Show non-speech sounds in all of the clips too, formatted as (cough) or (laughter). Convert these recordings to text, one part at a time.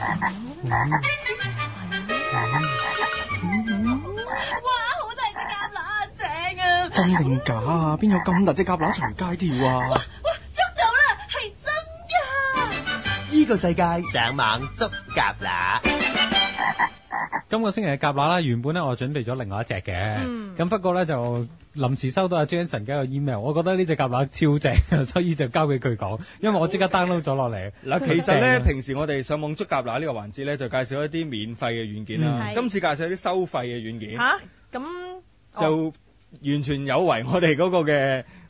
.哇！好大隻蛤乸啊，正啊！真定假啊？邊有咁大隻蛤乸隨街跳啊？哇！捉到啦，係真噶！呢個世界上猛捉蛤乸。今個星期嘅蛤乸啦，原本咧我準備咗另外一隻嘅，咁不過咧就。臨時收到阿 Jason 嘅一個 email，我覺得呢隻夾乸超正，所以就交俾佢講。因為我即刻 download 咗落嚟嗱。其實咧，平時我哋上網捉夾乸呢個環節咧，就介紹一啲免費嘅軟件啦、嗯。今次介紹一啲收費嘅軟件嚇，咁、啊、就完全有違我哋嗰個嘅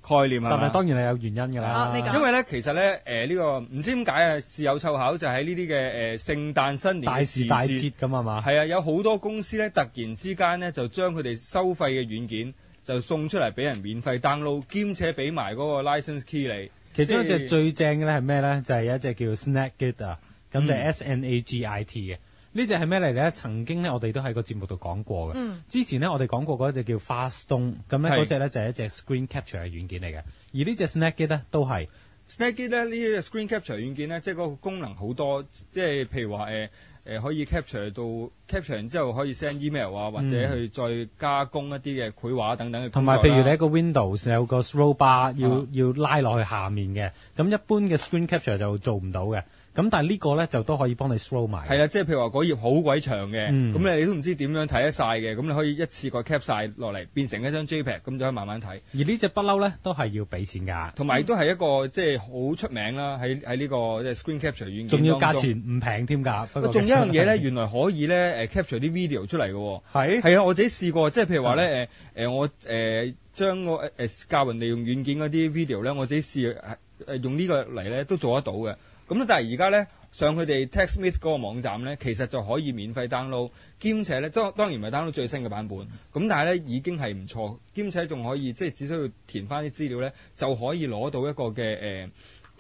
概念啊、哦！但係當然係有原因㗎啦、啊，因為咧其實咧，誒、呃、呢、呢個唔知點解啊，事有湊巧就喺呢啲嘅誒聖誕新年時大時大節咁啊嘛，係啊，有好多公司咧突然之間咧就將佢哋收費嘅軟件。就送出嚟俾人免費 download，兼且俾埋嗰個 license key 你。其中一隻最正嘅咧係咩咧？就係有一隻叫 Snagit 啊，咁就 S N A G I T 嘅。呢隻係咩嚟咧？曾經咧我哋都喺個節目度講過嘅。之前咧我哋講過嗰隻叫 FastStone，咁咧嗰隻咧就係一隻 screen capture 嘅軟件嚟嘅。而呢隻 Snagit 咧都係。Snagit 咧呢隻 screen capture 軟件咧，即係個功能好多，即係譬如話誒。誒、呃、可以 capture 到 capture 完之後可以 send email 啊、嗯，或者去再加工一啲嘅繪畫等等嘅工作啦，同埋譬如你一個 Windows 有個 scroll bar 要、嗯、要拉落去下面嘅，咁一般嘅 screen capture 就做唔到嘅。咁但係呢個咧就都可以幫你 scroll 埋係啦，即係譬如話嗰頁好鬼長嘅，咁你都唔知點樣睇得晒嘅，咁你可以一次過 c a p 晒落嚟變成一張 JPEG，咁就可以慢慢睇。而呢隻不嬲咧都係要俾錢㗎，同埋都係一個即係好出名啦。喺喺呢個即係 Screen Capture 軟件，仲要價錢唔平添㗎。仲有一樣嘢咧，原來可以咧 capture 啲 video 出嚟嘅喎。係啊！我自己試過，即係譬如話咧我將個教人利用軟件嗰啲 video 咧，我自己試用呢個嚟咧都做得到嘅。咁但係而家咧上佢哋 TechSmith 嗰個網站咧，其實就可以免費 download，兼且咧，當當然唔係 download 最新嘅版本。咁但係咧已經係唔錯，兼且仲可以即係只需要填翻啲資料咧，就可以攞到一個嘅誒，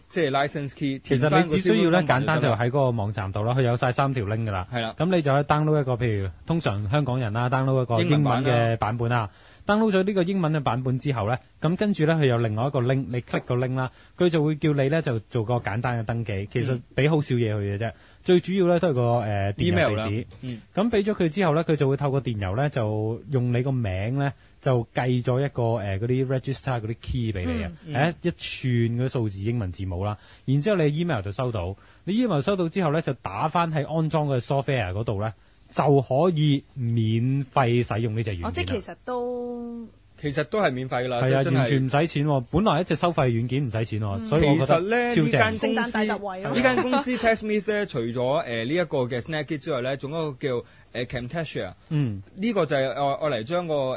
即係 license key。其實你只需要咧簡單就喺嗰個網站度啦，佢有晒三條 link 噶啦。係啦。咁你就可以 download 一個譬如通常香港人啦，download 一個英文嘅版本啦。download 咗呢個英文嘅版本之後咧，咁跟住咧佢有另外一個 link，你 click 個 link 啦，佢就會叫你咧就做個簡單嘅登記，嗯、其實俾好少嘢佢嘅啫，最主要咧都係、個誒 email 地址，咁俾咗佢之後咧，佢就會透過電郵咧就用你個名咧就計咗一個誒嗰啲 register 嗰啲 key 俾你嘅、嗯嗯，一串嘅數字英文字母啦，然之後你 email 就收到，你 email 收到之後咧就打翻喺安裝嘅 software 嗰度咧，就可以免費使用呢隻軟件。即其實都。其實都係免費㗎啦，係啊，完全唔使錢喎、啊。本來一隻收費軟件唔使錢喎、啊，嗯、所以其實咧，呢間聖誕大特惠、啊啊、 (laughs) 呢間公司 TestMe 咧，除咗呢一個嘅 Snagit 之外咧，仲有一個叫、呃、Camtasia。嗯，呢、這個就係我嚟將個誒熒、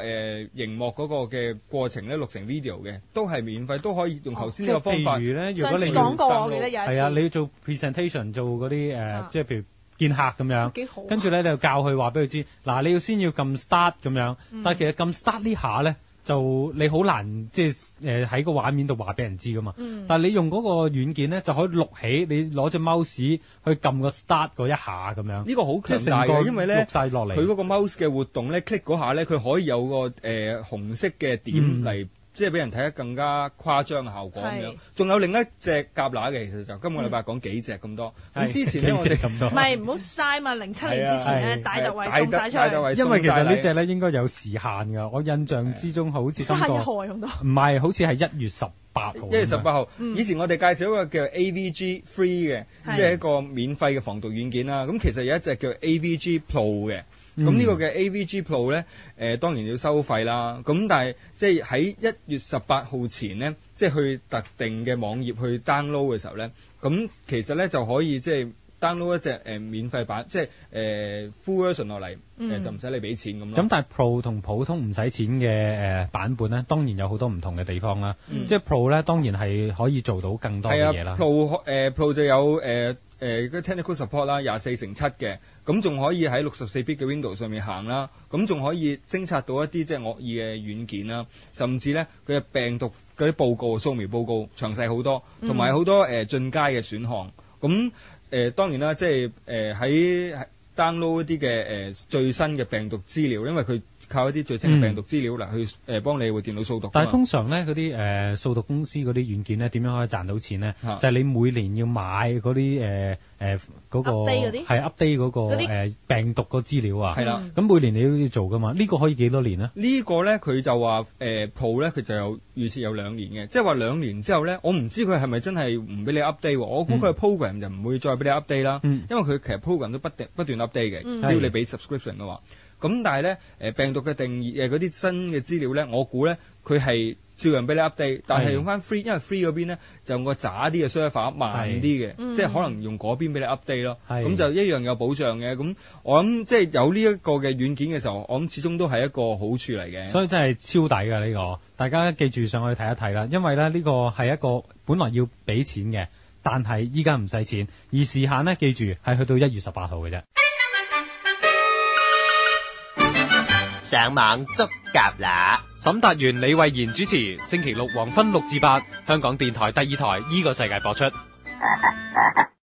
呃、幕嗰個嘅過程咧錄成 video 嘅，都係免費，都可以用頭先呢個方法。哦哦、如呢如果你講過，我記得有一次係啊，你要做 presentation 做嗰啲誒，即、呃、係、啊、譬如見客咁樣，啊、跟住咧你就教佢話俾佢知，嗱你要先要撳 start 咁樣、嗯，但其實撳 start 下呢下咧。就你好難即係誒喺個畫面度話俾人知噶嘛、嗯，但係你用嗰個軟件咧就可以錄起，你攞隻 mouse 去撳個 start 嗰一下咁樣，呢、呢個好強大嘅，因為咧錄晒落嚟，佢嗰個 mouse 嘅活動咧 click 嗰下咧，佢可以有個誒、呃、紅色嘅點嚟。嗯。即係俾人睇得更加誇張嘅效果咁樣，仲有另一隻蛤乸嘅，其實就今個禮拜講幾隻咁多。咁、嗯、之前呢，我唔係唔好嘥嘛，零七年之前呢，啊、大頭衞送出送因為其實呢隻咧應該有時限㗎，我印象之中好似真係一號用到。唔係、啊，好似係一月十八號。一月十八號，以前我哋介紹一個叫 AVG Free 嘅，即係、啊就係、一個免費嘅防毒軟件啦。咁其實有一隻叫 AVG Pro 嘅。咁、嗯、呢個嘅 AVG Pro 咧，誒、呃、當然要收費啦。咁但係即係喺一月十八號前呢，即係去特定嘅網頁去 download 嘅時候咧，咁其實咧就可以即係 download 一隻、呃、免費版，即係誒、呃、full version 落嚟、嗯呃，就唔使你俾錢咁咯。咁但係 Pro 同普通唔使錢嘅、呃、版本咧，當然有好多唔同嘅地方啦。嗯、即係 Pro 咧，當然係可以做到更多嘅嘢啦。啊、Pro、呃、Pro 就有誒。呃誒、呃、technical support 啦，廿四乘七嘅，咁仲可以喺六十四 bit 嘅 window 上面行啦，咁仲可以偵察到一啲即係惡意嘅軟件啦，甚至咧佢嘅病毒嗰啲報告、掃描報告詳細好多，同埋好多誒、呃、進階嘅選項。咁誒、呃、當然啦，即係誒喺 download 一啲嘅誒最新嘅病毒資料，因為佢。靠一啲最新嘅病毒資料嚟、嗯、去誒、呃、幫你會電腦掃毒。但係通常咧嗰啲誒掃毒公司嗰啲軟件咧，點樣可以賺到錢咧？就係、是、你每年要買嗰啲誒嗰個係 update 嗰個誒、呃、病毒個資料啊。係啦，咁、嗯、每年你都要做噶嘛。呢、這個可以幾多年啊？這個、呢個咧佢就話誒鋪咧佢就有預設有兩年嘅，即係話兩年之後咧，我唔知佢係咪真係唔俾你 update 喎、嗯。我估佢個 program 就唔會再俾你 update 啦、嗯，因為佢其實 program 都不斷不斷 update 嘅、嗯，只要你俾 subscription 嘅話。咁但係咧，病毒嘅定義，嗰啲新嘅資料咧，我估咧佢係照樣俾你 update，但係用翻 free，因為 free 嗰邊咧就用個渣啲嘅 server，慢啲嘅、嗯，即係可能用嗰邊俾你 update 咯。咁就一樣有保障嘅。咁我諗即係有呢一個嘅軟件嘅時候，我諗始終都係一個好處嚟嘅。所以真係超抵㗎呢個，大家記住上去睇一睇啦。因為咧呢、呢個係一個本來要俾錢嘅，但係依家唔使錢。而時限咧，記住係去到一月十八號嘅啫。上網捉蛤乸，沈達元李慧賢主持，星期六黃昏六至八，香港電台第二台依、這個世界播出。 (laughs)